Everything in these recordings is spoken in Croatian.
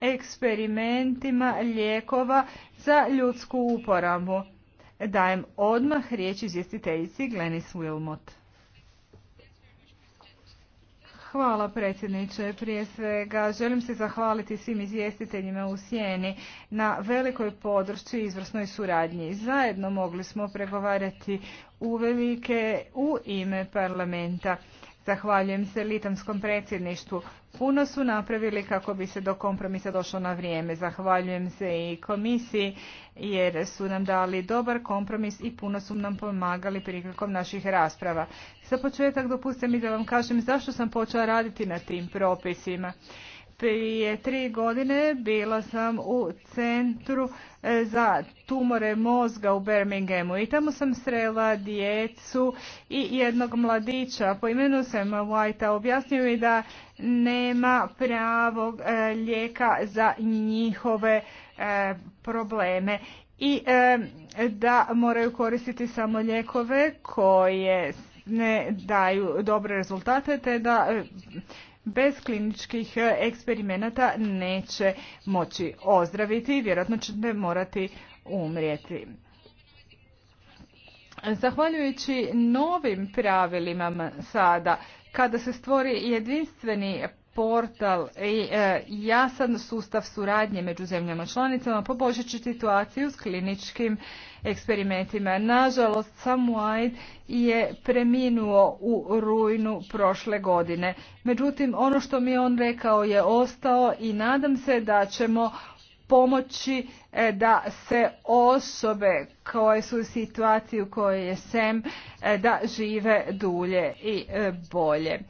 eksperimentima lijekova za ljudsku uporabu. Dajem odmah riječ izvjestiteljici Glenis Wilmot. Hvala predsjedniče. Prije svega želim se zahvaliti svim izvjestiteljima u Sjeni na velikoj podršci i izvrsnoj suradnji. Zajedno mogli smo pregovarati uvelike u ime parlamenta. Zahvaljujem se Litamskom predsjedništvu. Puno su napravili kako bi se do kompromisa došlo na vrijeme. Zahvaljujem se i komisiji jer su nam dali dobar kompromis i puno su nam pomagali prilikom naših rasprava. Za početak dopustite mi da vam kažem zašto sam počela raditi na tim propisima prije tri godine bila sam u centru e, za tumore mozga u Birminghamu i tamo sam srela djecu i jednog mladića po imenu sam Whitea objasnio mi da nema pravog e, lijeka za njihove e, probleme i da moraju koristiti samo lijekove koje ne daju dobre rezultate te da bez kliničkih e, eksperimenata neće moći ozdraviti i vjerojatno će morati umrijeti. Zahvaljujući novim pravilima sada, kada se stvori jedinstveni portal i e, jasan sustav suradnje među zemljama članicama, poboljšat će situaciju s kliničkim eksperimentima. Nažalost, White je preminuo u rujnu prošle godine. Međutim, ono što mi je on rekao je ostao i nadam se da ćemo pomoći e, da se osobe koje su u situaciji u kojoj je SEM e, da žive dulje i e, bolje.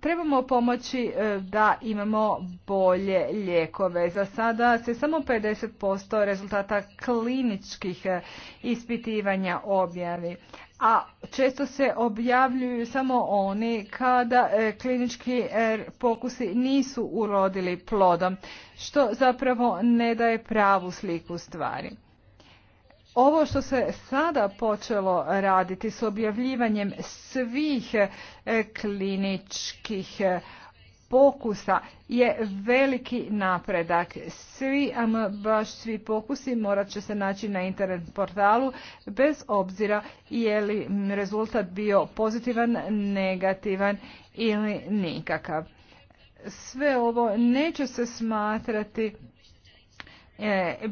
Trebamo pomoći e, da imamo bolje lijekove. Za sada se samo 50% rezultata kliničkih e, ispitivanja objavi, a često se objavljuju samo oni kada e, klinički pokusi nisu urodili plodom, što zapravo ne daje pravu sliku stvari. Ovo što se sada počelo raditi s objavljivanjem svih e, kliničkih e, pokusa je veliki napredak. Svi, ama baš svi pokusi morat će se naći na internet portalu bez obzira je li rezultat bio pozitivan, negativan ili nikakav. Sve ovo neće se smatrati E, e,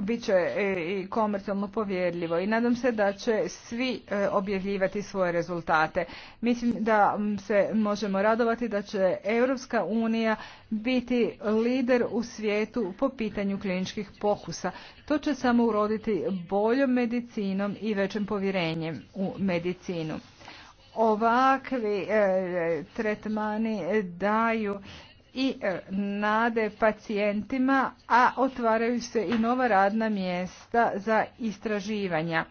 bit će e, i komercijalno povjerljivo i nadam se da će svi objavljivati svoje rezultate. Mislim da se možemo radovati da će Europska unija biti lider u svijetu po pitanju kliničkih pokusa. To će samo uroditi boljom medicinom i većim povjerenjem u medicinu ovakvi tretmani daju i e, nade pacijentima, a otvaraju se i nova radna mjesta za istraživanja.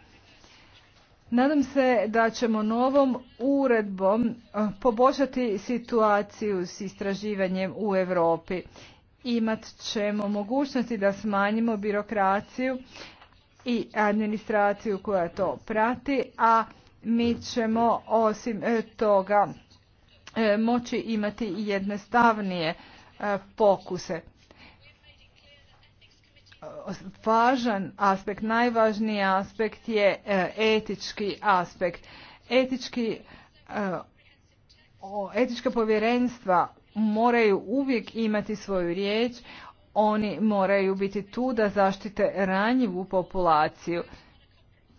Nadam se da ćemo novom uredbom e, poboljšati situaciju s istraživanjem u Europi. Imat ćemo mogućnosti da smanjimo birokraciju i administraciju koja to prati, a mi ćemo osim e, toga E, moći imati jednostavnije e, pokuse. Važan aspekt, najvažniji aspekt je e, etički aspekt. Etički, etička povjerenstva moraju uvijek imati svoju riječ, oni moraju biti tu da zaštite ranjivu populaciju.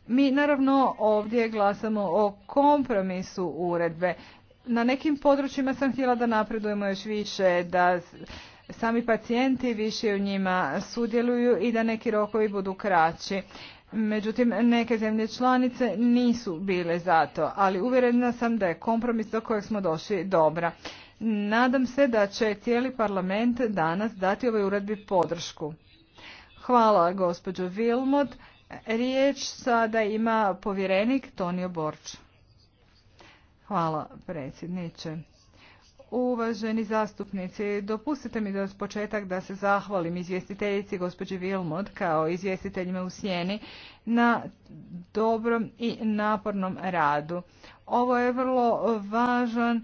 Mi naravno ovdje glasamo o kompromisu uredbe na nekim područjima sam htjela da napredujemo još više, da sami pacijenti više u njima sudjeluju i da neki rokovi budu kraći. Međutim, neke zemlje članice nisu bile za to, ali uvjerena sam da je kompromis do kojeg smo došli dobra. Nadam se da će cijeli parlament danas dati ovoj uredbi podršku. Hvala gospođo Vilmod, Riječ sada ima povjerenik Tonio Borč. Hvala predsjedniče. Uvaženi zastupnici, dopustite mi da od početak da se zahvalim izvjestiteljici gospođi Vilmot kao izvjestiteljima u Sjeni na dobrom i napornom radu. Ovo je vrlo važan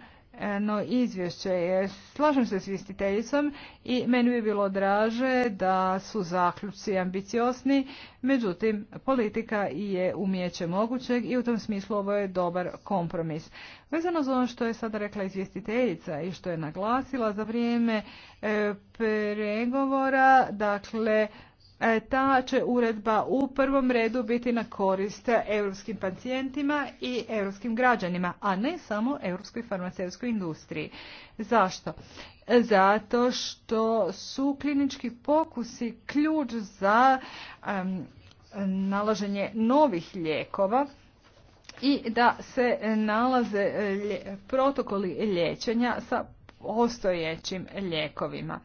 no izvješće. Slažem se s vistiteljicom i meni bi bilo draže da su zaključci ambiciosni, međutim politika je umijeće mogućeg i u tom smislu ovo je dobar kompromis. Vezano za ono što je sada rekla izvjestiteljica i što je naglasila za vrijeme e, pregovora, dakle E, ta će uredba u prvom redu biti na korist europskim pacijentima i europskim građanima, a ne samo europskoj farmaceutskoj industriji. Zašto? Zato što su klinički pokusi ključ za um, nalaženje novih lijekova i da se nalaze e, protokoli liječenja sa postojećim lijekovima.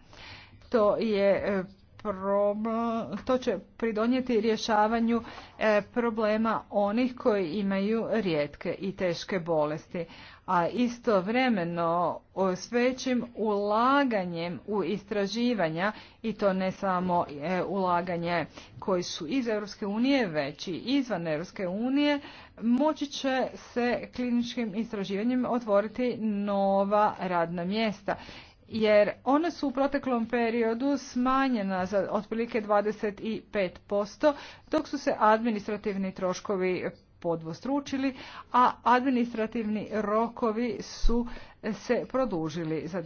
To je e, problem, to će pridonijeti rješavanju e, problema onih koji imaju rijetke i teške bolesti. A istovremeno s većim ulaganjem u istraživanja i to ne samo e, ulaganje koji su iz Europske unije, već i izvan Europske unije, moći će se kliničkim istraživanjem otvoriti nova radna mjesta jer one su u proteklom periodu smanjena za otprilike 25%, dok su se administrativni troškovi podvostručili, a administrativni rokovi su se produžili za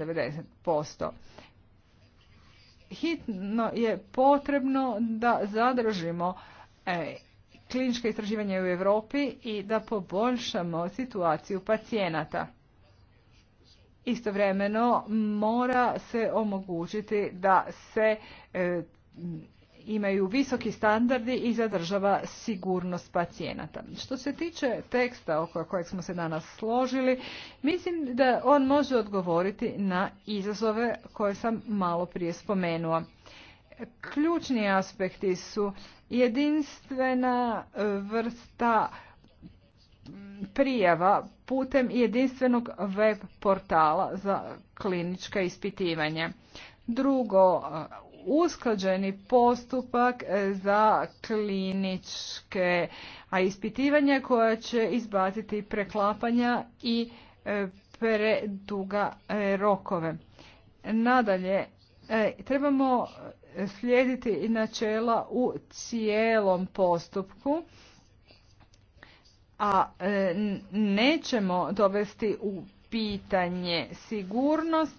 90%. Hitno je potrebno da zadržimo e, kliničke istraživanje u Europi i da poboljšamo situaciju pacijenata. Istovremeno mora se omogućiti da se e, imaju visoki standardi i zadržava sigurnost pacijenata. Što se tiče teksta oko kojeg smo se danas složili, mislim da on može odgovoriti na izazove koje sam malo prije spomenuo. Ključni aspekti su jedinstvena vrsta prijava putem jedinstvenog web portala za klinička ispitivanja. Drugo, usklađeni postupak za kliničke a ispitivanja koja će izbaciti preklapanja i e, preduga e, rokove. Nadalje, e, trebamo slijediti načela u cijelom postupku a e, nećemo dovesti u pitanje sigurnost,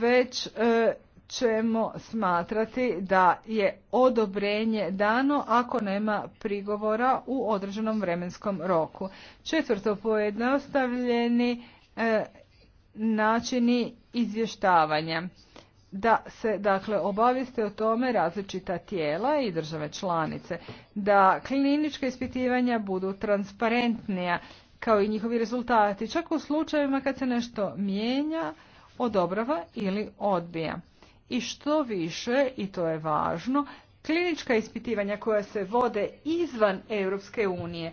već e, ćemo smatrati da je odobrenje dano ako nema prigovora u određenom vremenskom roku. Četvrto, pojednostavljeni e, načini izvještavanja da se dakle obavijeste o tome različita tijela i države članice, da klinička ispitivanja budu transparentnija kao i njihovi rezultati, čak u slučajevima kad se nešto mijenja, odobrava ili odbija. I što više, i to je važno, klinička ispitivanja koja se vode izvan Europske unije,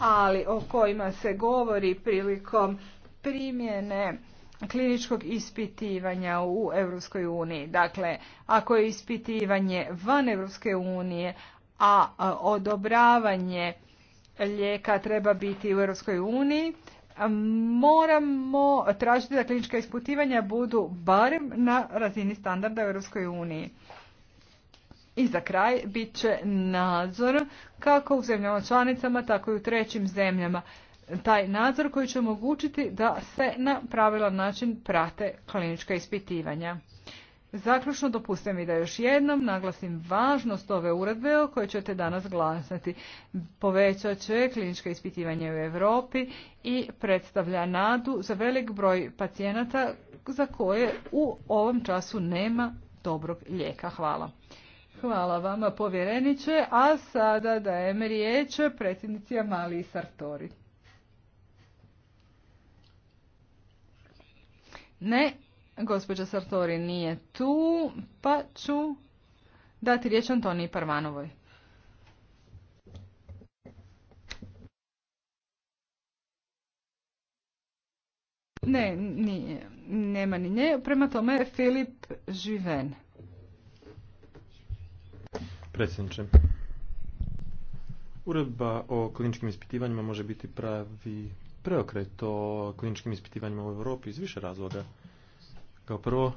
ali o kojima se govori prilikom primjene kliničkog ispitivanja u Europskoj uniji. Dakle, ako je ispitivanje van Europske unije, a odobravanje lijeka treba biti u Europskoj uniji, moramo tražiti da klinička ispitivanja budu barem na razini standarda u Europskoj uniji. I za kraj bit će nadzor kako u zemljama članicama, tako i u trećim zemljama taj nadzor koji će omogućiti da se na pravilan način prate klinička ispitivanja. Zaključno dopustite mi da još jednom naglasim važnost ove uredbe o kojoj ćete danas glasati. Povećat će klinička ispitivanja u Europi i predstavlja nadu za velik broj pacijenata za koje u ovom času nema dobrog lijeka. Hvala. Hvala vama povjereniče, a sada dajem riječ predsjednici i Sartori. Ne, gospođa Sartori nije tu, pa ću dati riječ Antoniji Parvanovoj. Ne, nije. Nema ni nje. Prema tome, Filip Živen. Predsjedniče, uredba o kliničkim ispitivanjima može biti pravi preokret o kliničkim ispitivanjima u Europi iz više razloga. Kao prvo,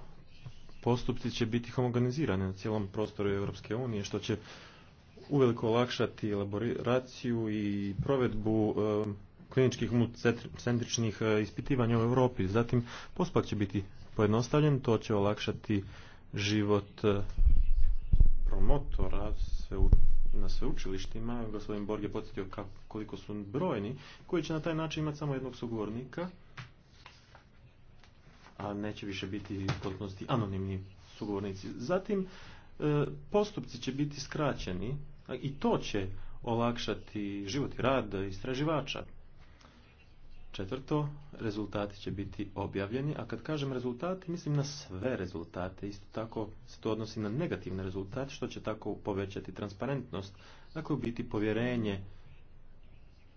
postupci će biti homogenizirani na cijelom prostoru Europske unije, što će uveliko olakšati elaboraciju i provedbu e, kliničkih centričnih e, ispitivanja u Europi. Zatim, postupak će biti pojednostavljen, to će olakšati život e, promotora, na sveučilištima, gospodin Borg je podsjetio koliko su brojni, koji će na taj način imati samo jednog sugovornika, a neće više biti potpunosti anonimni sugovornici. Zatim, e, postupci će biti skraćeni i to će olakšati život i rad istraživača. Četvrto, rezultati će biti objavljeni, a kad kažem rezultati, mislim na sve rezultate. Isto tako se to odnosi na negativne rezultate, što će tako povećati transparentnost, dakle u biti povjerenje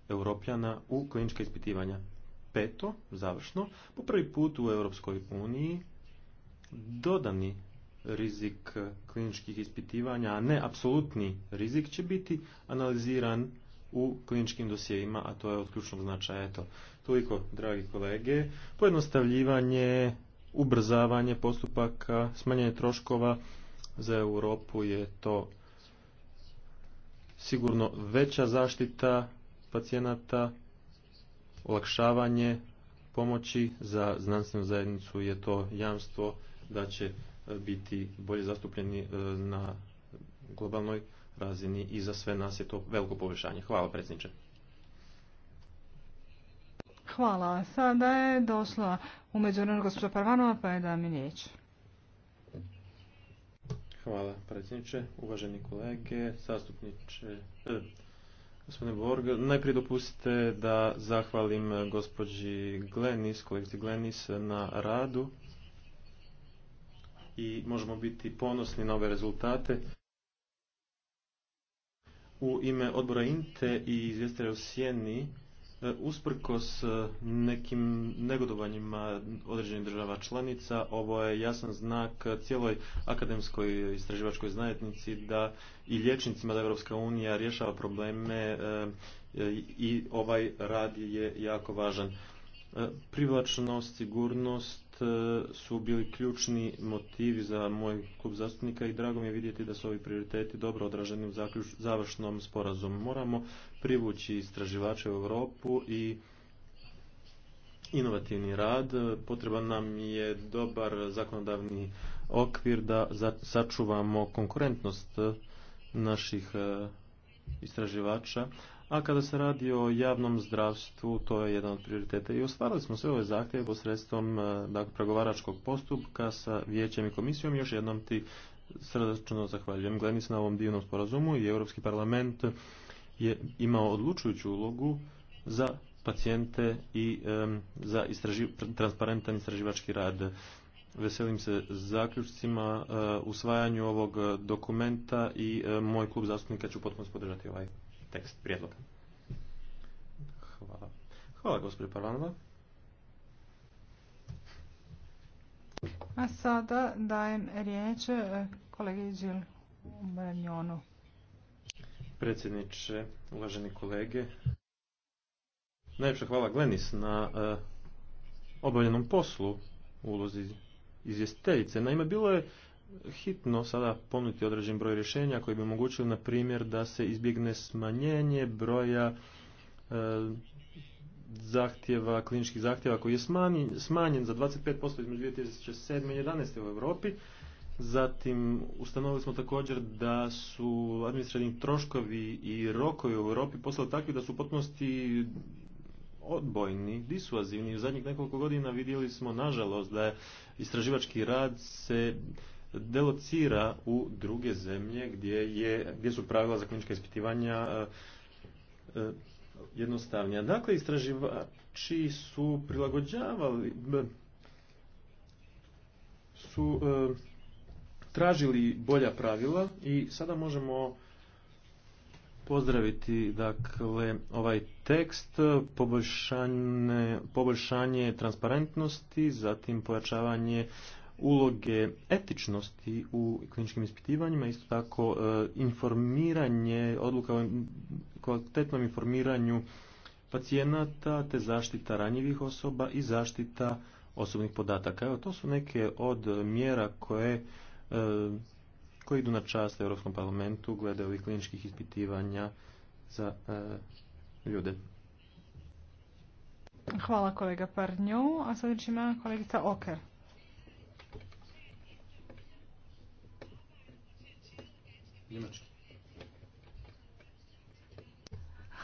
europljana u klinička ispitivanja. Peto, završno, po prvi put u Europskoj uniji dodani rizik kliničkih ispitivanja, a ne apsolutni rizik će biti analiziran u kliničkim dosjejima, a to je od ključnog značaja. Eto, toliko, dragi kolege, pojednostavljivanje, ubrzavanje postupaka, smanjenje troškova za Europu je to sigurno veća zaštita pacijenata, olakšavanje pomoći za znanstvenu zajednicu je to jamstvo da će biti bolje zastupljeni e, na globalnoj razini i za sve nas je to veliko poboljšanje. Hvala predsjedniče. Hvala. Sada je došla u međunarodnu gospođa Parvanova, pa je da mi riječ. Hvala predsjedniče, uvaženi kolege, zastupniče, eh, gospodine Borg. Najprije dopustite da zahvalim gospođi Glenis, kolegici Glenis na radu i možemo biti ponosni na ove rezultate u ime odbora INTE i izvjestelja u Sjeni e, usprkos e, nekim negodovanjima određenih država članica, ovo je jasan znak cijeloj akademskoj istraživačkoj znajetnici da i liječnicima da Europska unija rješava probleme e, i ovaj rad je jako važan. E, privlačnost, sigurnost e, su bili ključni motivi za moj klub zastupnika i drago mi je vidjeti da su ovi prioriteti dobro odraženi u završnom sporazumu. Moramo privući istraživače u Europu i inovativni rad. Potreban nam je dobar zakonodavni okvir da sačuvamo konkurentnost naših e, istraživača, a kada se radi o javnom zdravstvu, to je jedan od prioriteta. I ostvarili smo sve ove zahtjeve posredstvom e, dakle, pregovaračkog postupka sa vijećem i komisijom. Još jednom ti srdačno zahvaljujem se na ovom divnom sporazumu i Europski parlament je imao odlučujuću ulogu za pacijente i za istraži, transparentan istraživački rad. Veselim se zaključcima e, usvajanju ovog dokumenta i e, moj klub zastupnika ću potpuno podržati ovaj tekst prijedloga. Hvala. Hvala, gospođo Parvanova. A sada dajem riječ e, kolegi Đil Marjonu. Predsjedniče, uvaženi kolege, najljepša hvala Glenis na e, obavljenom poslu u ulozi izvjestiteljice. Naime, bilo je hitno sada ponuti određen broj rješenja koji bi omogućili, na primjer, da se izbjegne smanjenje broja e, zahtjeva, kliničkih zahtjeva koji je smanjen, smanjen za 25% između 2007. i 2011. u Europi. Zatim ustanovili smo također da su administrativni troškovi i rokovi u Europi postali takvi da su u potpunosti odbojni, disuazivni. U zadnjih nekoliko godina vidjeli smo, nažalost, da je istraživački rad se delocira u druge zemlje gdje, je, gdje su pravila za klinička ispitivanja e, e, jednostavnija. Dakle, istraživači su prilagođavali, su e, tražili bolja pravila i sada možemo pozdraviti dakle ovaj tekst poboljšanje, poboljšanje transparentnosti zatim pojačavanje uloge etičnosti u kliničkim ispitivanjima, isto tako e, informiranje, odluka o kvalitetnom informiranju pacijenata te zaštita ranjivih osoba i zaštita osobnih podataka. Evo, to su neke od mjera koje, e, koje idu na čast Europskom parlamentu glede ovih kliničkih ispitivanja za e, ljude. Hvala kolega Parnju. A sad ima kolegica Oker.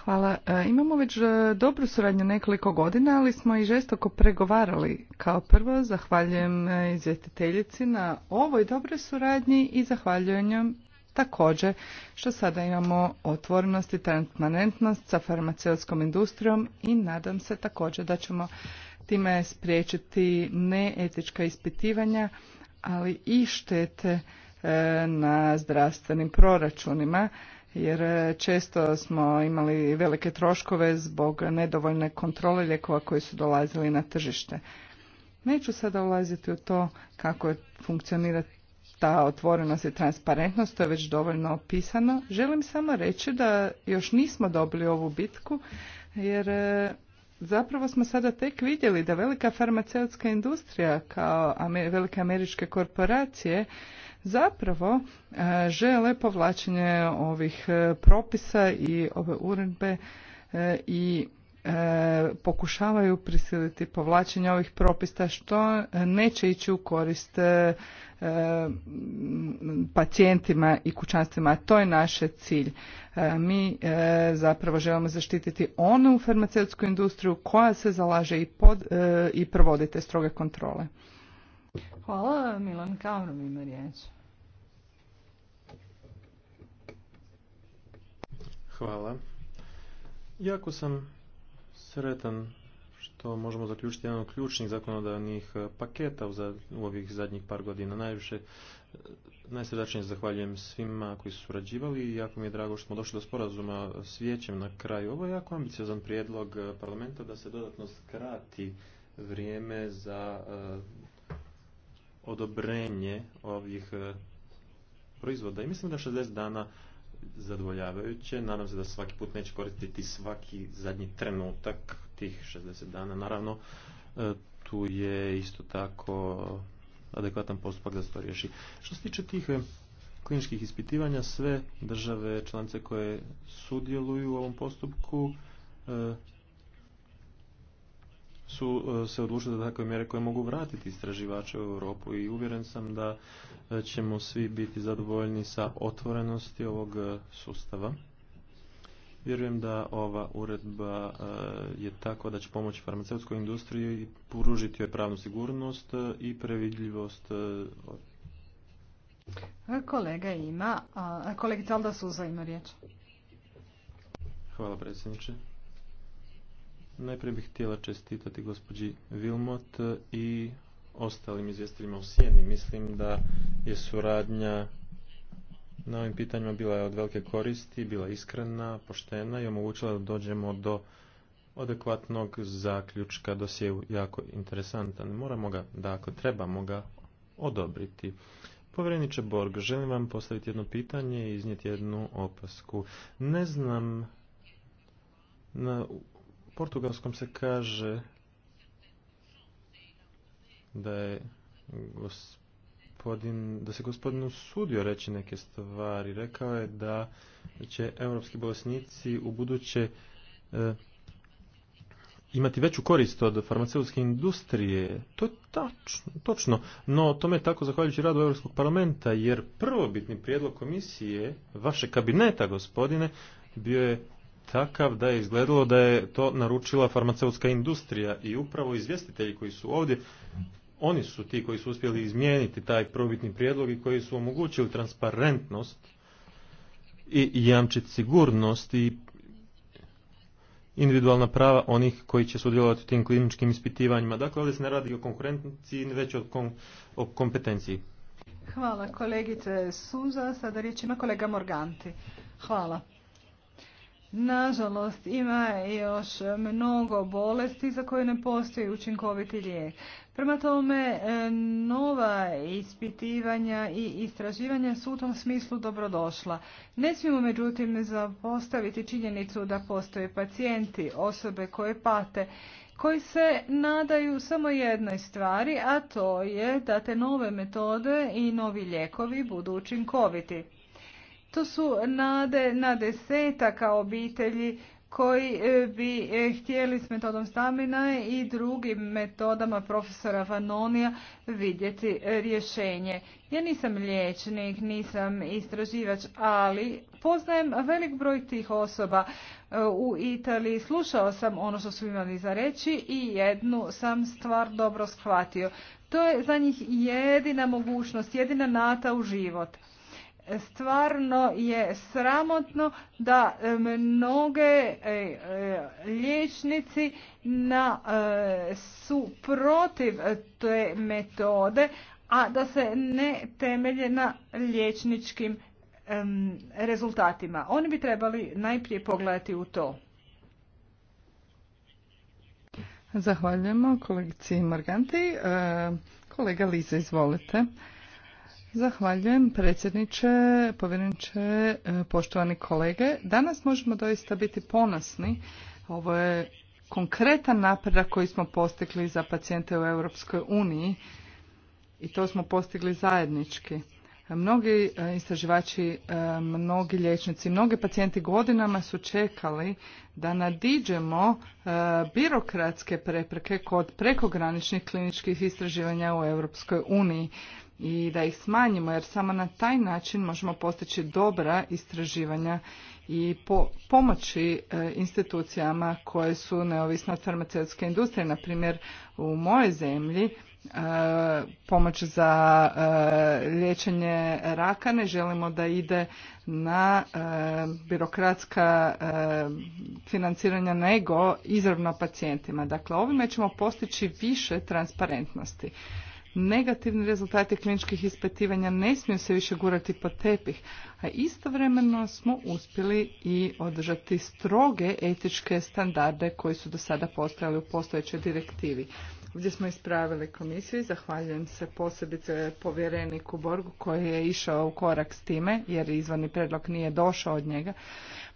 Hvala. E, imamo već e, dobru suradnju nekoliko godina, ali smo i žestoko pregovarali. Kao prvo, zahvaljujem e, izvjetiteljici na ovoj dobroj suradnji i zahvaljujem također što sada imamo otvorenost i transparentnost sa farmaceutskom industrijom i nadam se također da ćemo time spriječiti neetička ispitivanja, ali i štete E, na zdravstvenim proračunima jer e, često smo imali velike troškove zbog nedovoljne kontrole lijekova koji su dolazili na tržište. Neću sada ulaziti u to kako funkcionira ta otvorenost i transparentnost, to je već dovoljno opisano. Želim samo reći da još nismo dobili ovu bitku jer e, zapravo smo sada tek vidjeli da velika farmaceutska industrija kao velike američke korporacije zapravo e, žele povlačenje ovih e, propisa i ove uredbe e, i pokušavaju prisiliti povlačenje ovih propisa što neće ići u korist E, pacijentima i kućanstvima. A to je naš cilj. E, mi e, zapravo želimo zaštititi onu farmaceutsku industriju koja se zalaže i, pod, i provodi te stroge kontrole. Hvala, Milan ima Hvala. Jako sam sretan to možemo zaključiti jedan od ključnih zakonodavnih e, paketa u ovih zadnjih par godina. Najviše, e, najsredačnije zahvaljujem svima koji su surađivali i jako mi je drago što smo došli do sporazuma s vijećem na kraju. Ovo je jako ambiciozan prijedlog e, parlamenta da se dodatno skrati vrijeme za odobrenje ovih proizvoda i mislim da 60 dana zadovoljavajuće. Nadam se da svaki put neće koristiti svaki zadnji trenutak tih 60 dana. Naravno, e, tu je isto tako adekvatan postupak da se to riješi. Što se tiče tih e, kliničkih ispitivanja, sve države članice koje sudjeluju u ovom postupku e, su se odlučili za takve mjere koje mogu vratiti istraživače u Europu i uvjeren sam da ćemo svi biti zadovoljni sa otvorenosti ovog sustava. Vjerujem da ova uredba e, je takva da će pomoći farmaceutskoj industriji i poružiti joj pravnu sigurnost e, i previdljivost. E, Kolega ima, a kolegica Suza ima riječ. Hvala predsjedniče. Najprije bih htjela čestitati gospođi Vilmot i ostalim izvjestiteljima u Sjeni. Mislim da je suradnja na ovim pitanjima bila je od velike koristi, bila iskrena, poštena i omogućila da dođemo do adekvatnog zaključka dosjeu jako interesantan. Moramo ga, ako dakle, trebamo ga odobriti. Povjereniče Borg, želim vam postaviti jedno pitanje i iznijeti jednu opasku. Ne znam, na portugalskom se kaže da je gospodin, da se gospodin usudio reći neke stvari. Rekao je da će europski bolesnici u buduće eh, imati veću korist od farmaceutske industrije. To je tačno, točno, no tome je tako zahvaljujući radu Europskog parlamenta, jer prvobitni prijedlog komisije, vaše kabineta, gospodine, bio je takav da je izgledalo da je to naručila farmaceutska industrija i upravo izvjestitelji koji su ovdje oni su ti koji su uspjeli izmijeniti taj probitni prijedlog i koji su omogućili transparentnost i jamčiti sigurnost i individualna prava onih koji će sudjelovati u tim kliničkim ispitivanjima. Dakle, ovdje se ne radi o konkurenciji, već o, kom, o kompetenciji. Hvala kolegice Suza. Sada riječ ima kolega Morganti. Hvala. Nažalost, ima još mnogo bolesti za koje ne postoji učinkoviti lijek. Prema tome, e, nova ispitivanja i istraživanja su u tom smislu dobrodošla. Ne smijemo međutim zapostaviti činjenicu da postoje pacijenti, osobe koje pate, koji se nadaju samo jednoj stvari, a to je da te nove metode i novi lijekovi budu učinkoviti. To su nade na desetaka obitelji koji e, bi e, htjeli s metodom Stamina i drugim metodama profesora Vanonija vidjeti rješenje. Ja nisam liječnik, nisam istraživač, ali poznajem velik broj tih osoba e, u Italiji. Slušao sam ono što su imali za reći i jednu sam stvar dobro shvatio. To je za njih jedina mogućnost, jedina nata u život stvarno je sramotno da e, mnoge e, e, liječnici na, su protiv te metode, a da se ne temelje na liječničkim rezultatima. Oni bi trebali najprije pogledati u to. Zahvaljujemo kolegici Morganti. Kolega Liza, izvolite. Zahvaljujem predsjedniče, povjereniče, e, poštovani kolege. Danas možemo doista biti ponosni. Ovo je konkretan napredak koji smo postigli za pacijente u Europskoj uniji i to smo postigli zajednički. Mnogi e, istraživači, e, mnogi liječnici, mnogi pacijenti godinama su čekali da nadiđemo birokratske prepreke kod prekograničnih kliničkih istraživanja u Europskoj uniji i da ih smanjimo jer samo na taj način možemo postići dobra istraživanja i pomoći e, institucijama koje su neovisne od farmaceutske industrije. Na primjer, u mojoj zemlji e, pomoć za e, liječenje raka ne želimo da ide na birokratska financiranja nego izravno pacijentima. Dakle, ovime ćemo postići više transparentnosti negativni rezultati kliničkih ispitivanja ne smiju se više gurati pod tepih, a istovremeno smo uspjeli i održati stroge etičke standarde koji su do sada postojali u postojećoj direktivi. Ovdje smo ispravili komisiju i zahvaljujem se posebice povjereniku Borgu koji je išao u korak s time jer izvani predlog nije došao od njega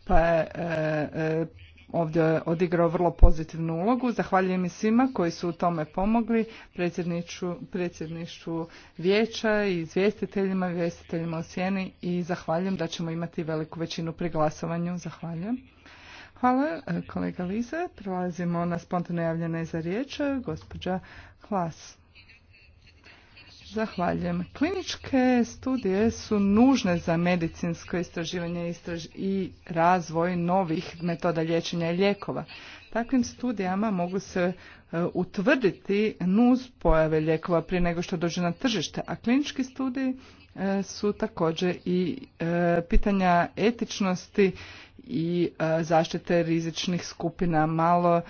pa e, e, ovdje odigrao vrlo pozitivnu ulogu. Zahvaljujem i svima koji su u tome pomogli, predsjedništvu vijeća i izvjestiteljima, izvjestiteljima u sjeni i zahvaljujem da ćemo imati veliku većinu pri glasovanju. Zahvaljujem. Hvala e, kolega Lize. Prelazimo na spontane javljene za riječ. Gospođa Hlas. Zahvaljujem. Kliničke studije su nužne za medicinsko istraživanje i razvoj novih metoda liječenja i lijekova. Takvim studijama mogu se e, utvrditi nuz pojave lijekova prije nego što dođe na tržište, a klinički studiji e, su također i e, pitanja etičnosti i e, zaštite rizičnih skupina malo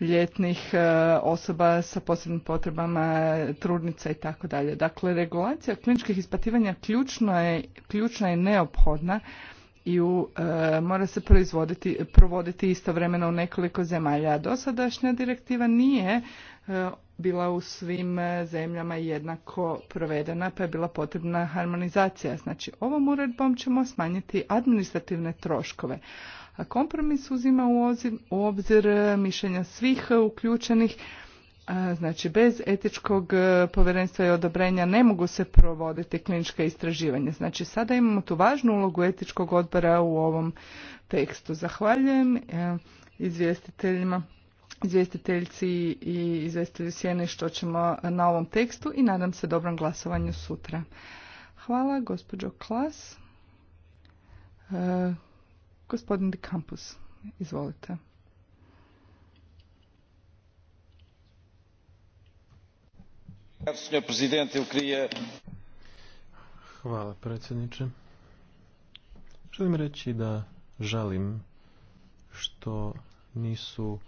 ljetnih e, osoba sa posebnim potrebama, trudnica i tako dalje. Dakle, regulacija kliničkih ispativanja ključna je, ključna je neophodna EU e, mora se proizvoditi, provoditi istovremeno u nekoliko zemalja. Dosadašnja direktiva nije e, bila u svim e, zemljama jednako provedena pa je bila potrebna harmonizacija. Znači ovom uredbom ćemo smanjiti administrativne troškove. A kompromis uzima u obzir mišljenja svih uključenih Znači, bez etičkog e, povjerenstva i odobrenja ne mogu se provoditi klinička istraživanja. Znači, sada imamo tu važnu ulogu etičkog odbora u ovom tekstu. Zahvaljujem e, izvjestiteljima, izvjestiteljci i izvjestitelji Sjene što ćemo na ovom tekstu i nadam se dobrom glasovanju sutra. Hvala, gospođo Klas. E, gospodin Di Kampus, izvolite. Hvala predsjedniče. Želim reći da žalim što nisu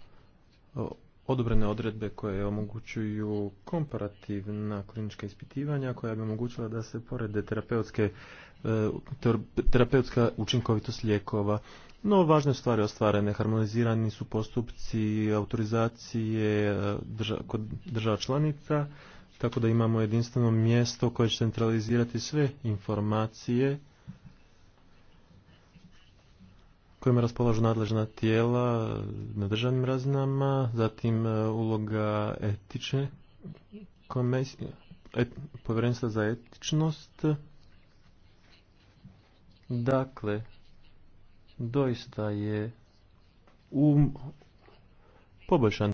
odobrene odredbe koje omogućuju komparativna klinička ispitivanja koja bi omogućila da se porede e, terapeutska učinkovitost lijekova. No, važne stvari ostvarene, harmonizirani su postupci autorizacije e, kod država članica, tako da imamo jedinstveno mjesto koje će centralizirati sve informacije kojima raspolažu nadležna tijela na državnim razinama, zatim e, uloga etične komisije, povjerenstva za etičnost. Dakle, doista je um, poboljšan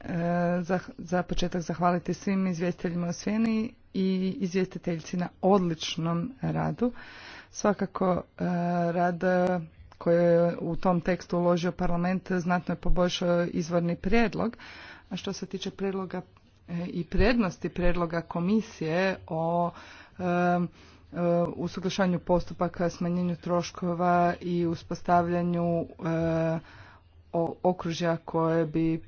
Eh, za, za početak zahvaliti svim izvjestiteljima u Svijeni i izvjestiteljci na odličnom radu. Svakako eh, rad koji je u tom tekstu uložio parlament znatno je poboljšao izvorni prijedlog. A što se tiče prijedloga eh, i prednosti prijedloga komisije o usuglašanju postupaka, smanjenju troškova i uspostavljanju okružja koje bi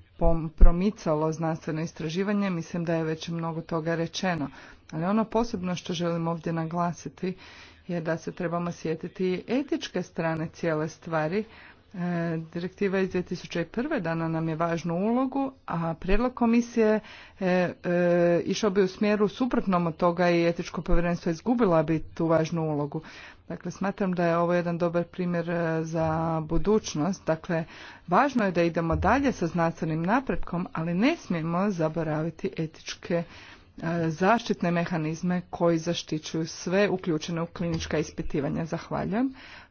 promicalo znanstveno istraživanje, mislim da je već mnogo toga rečeno. Ali ono posebno što želim ovdje naglasiti je da se trebamo sjetiti etičke strane cijele stvari, E, direktiva iz 2001. dana nam je važnu ulogu, a prijedlog komisije e, e, išao bi u smjeru suprotnom od toga i etičko povjerenstvo izgubila bi tu važnu ulogu. Dakle, smatram da je ovo jedan dobar primjer za budućnost. Dakle, važno je da idemo dalje sa znanstvenim napretkom, ali ne smijemo zaboraviti etičke zaštitne mehanizme koji zaštićuju sve uključene u klinička ispitivanja. Zahvaljujem.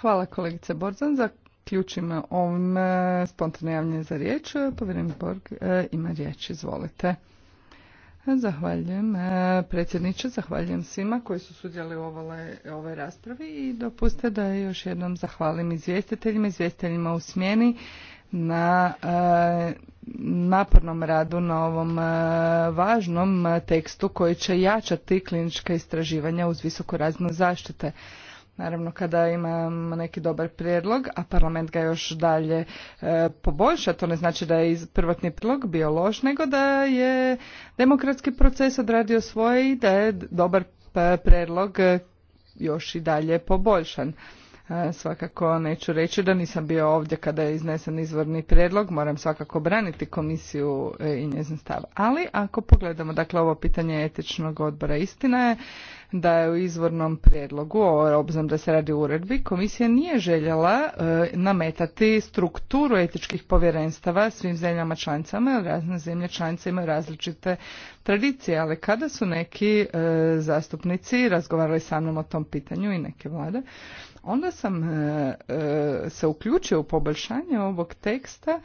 Hvala kolegice Borzan. zaključim ovim spontano javljanje za riječ. Povjerenik Borg e, ima riječ. Izvolite. Zahvaljujem e, predsjedniče, zahvaljujem svima koji su sudjeli u ovoj raspravi i dopuste da još jednom zahvalim izvjestiteljima, izvjestiteljima u smjeni na e, napornom radu na ovom e, važnom e, tekstu koji će jačati klinička istraživanja uz visoku razinu zaštite. Naravno, kada imam neki dobar prijedlog, a parlament ga još dalje e, poboljša, to ne znači da je prvotni prijedlog bio loš, nego da je demokratski proces odradio svoje i da je dobar prijedlog još i dalje poboljšan. E, svakako neću reći da nisam bio ovdje kada je iznesen izvorni prijedlog, moram svakako braniti komisiju e, i njezin stav. Ali ako pogledamo dakle ovo pitanje etičnog odbora, istina je da je u izvornom prijedlogu, obzirom da se radi o uredbi, komisija nije željela e, nametati strukturu etičkih povjerenstava svim zemljama članicama, jer razne zemlje članice imaju različite tradicije, ali kada su neki zastupnici razgovarali sa mnom o tom pitanju i neke vlade, Onda sam e, e, se uključio u poboljšanje ovog teksta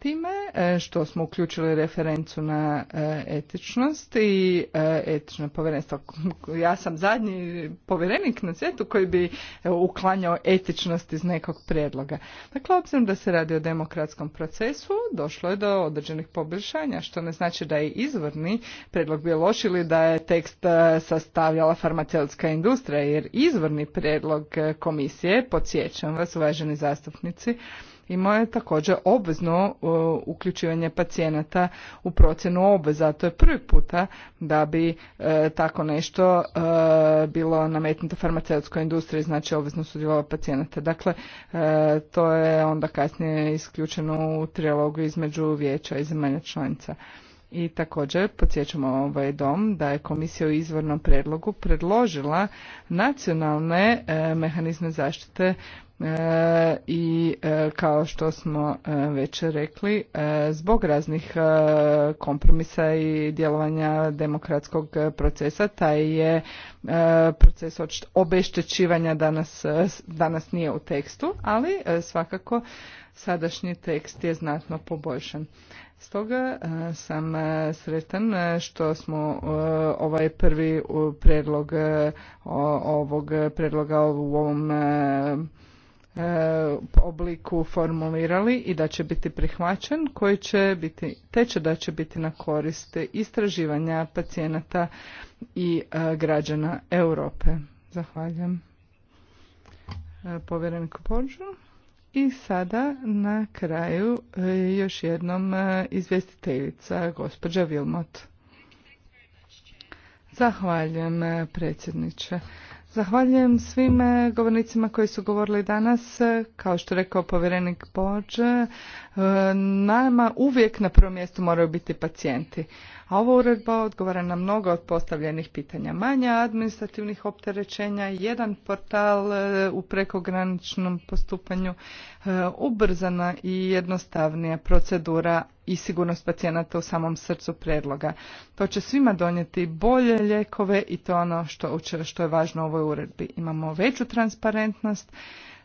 time e, što smo uključili referencu na e, etičnost i e, etično povjerenstvo. Ja sam zadnji povjerenik na svijetu koji bi uklanjao etičnost iz nekog predloga. Dakle, obzirom da se radi o demokratskom procesu, došlo je do određenih poboljšanja, što ne znači da je izvorni predlog bio loš ili da je tekst sastavljala farmaceutska industrija, jer izvorni predlog komisije, podsjećam vas, uvaženi zastupnici, i je također obvezno e, uključivanje pacijenata u procjenu obveza. To je prvi puta da bi e, tako nešto e, bilo nametnuto farmaceutskoj industriji, znači obvezno sudjelovao pacijenata. Dakle, to je onda kasnije isključeno u trilogu između vijeća i zemalja članica. I također podsjećamo ovaj dom da je komisija u izvornom predlogu predložila nacionalne e, mehanizme zaštite e, i e, kao što smo već rekli zbog raznih kompromisa i djelovanja demokratskog procesa taj je proces obeštećivanja danas, danas nije u tekstu ali svakako sadašnji tekst je znatno poboljšan. Stoga e, sam e, sretan e, što smo ovaj prvi predlog ovog predloga u ovom obliku formulirali i da će biti prihvaćen koji će biti teče da će biti na koriste istraživanja pacijenata i građana Europe. Zahvaljujem. povjerenik Pođu. I sada na kraju e, još jednom e, izvjestiteljica gospođa Vilmot. Zahvaljujem e, predsjedniče. Zahvaljujem svim eh, govornicima koji su govorili danas. Kao što rekao povjerenik Bođ, eh, nama uvijek na prvom mjestu moraju biti pacijenti. A ova uredba odgovara na mnogo od postavljenih pitanja. Manja administrativnih opterećenja, jedan portal eh, u prekograničnom postupanju, ubrzana i jednostavnija procedura i sigurnost pacijenata u samom srcu predloga. To će svima donijeti bolje lijekove i to je ono što, što je važno u ovoj uredbi. Imamo veću transparentnost,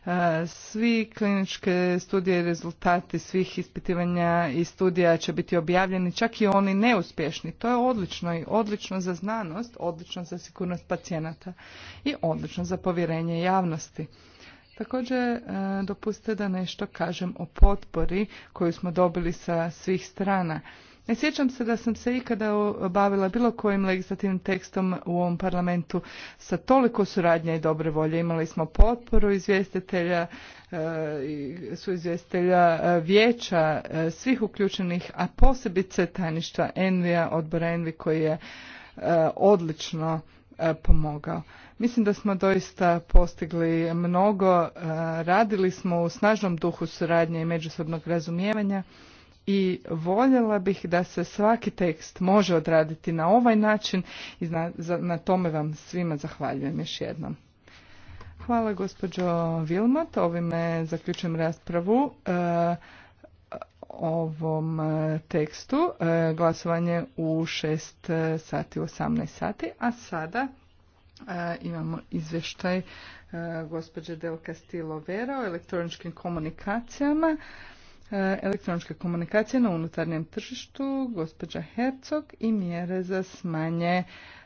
e, svi kliničke studije i rezultati svih ispitivanja i studija će biti objavljeni, čak i oni neuspješni. To je odlično i odlično za znanost, odlično za sigurnost pacijenata i odlično za povjerenje javnosti. Također e, dopustite da nešto kažem o potpori koju smo dobili sa svih strana. Ne sjećam se da sam se ikada bavila bilo kojim legislativnim tekstom u ovom parlamentu sa toliko suradnja i dobre volje. Imali smo potporu izvjestitelja, e, su izvjestitelja e, vijeća, svih uključenih, a posebice tajništva Envija, odbora Envi koji je odlično pomogao. Mislim da smo doista postigli mnogo, e, radili smo u snažnom duhu suradnje i međusobnog razumijevanja i voljela bih da se svaki tekst može odraditi na ovaj način i na, tome vam svima zahvaljujem još jednom. Hvala gospođo Vilmot, ovime zaključujem raspravu o e, ovom e, tekstu. glasovanje u 6 sati, 18 sati, a sada... E, imamo izvještaj e, gospođe Del Castillo Vera o elektroničkim komunikacijama. E, elektroničke komunikacije na unutarnjem tržištu, gospođa Hercog i mjere za smanje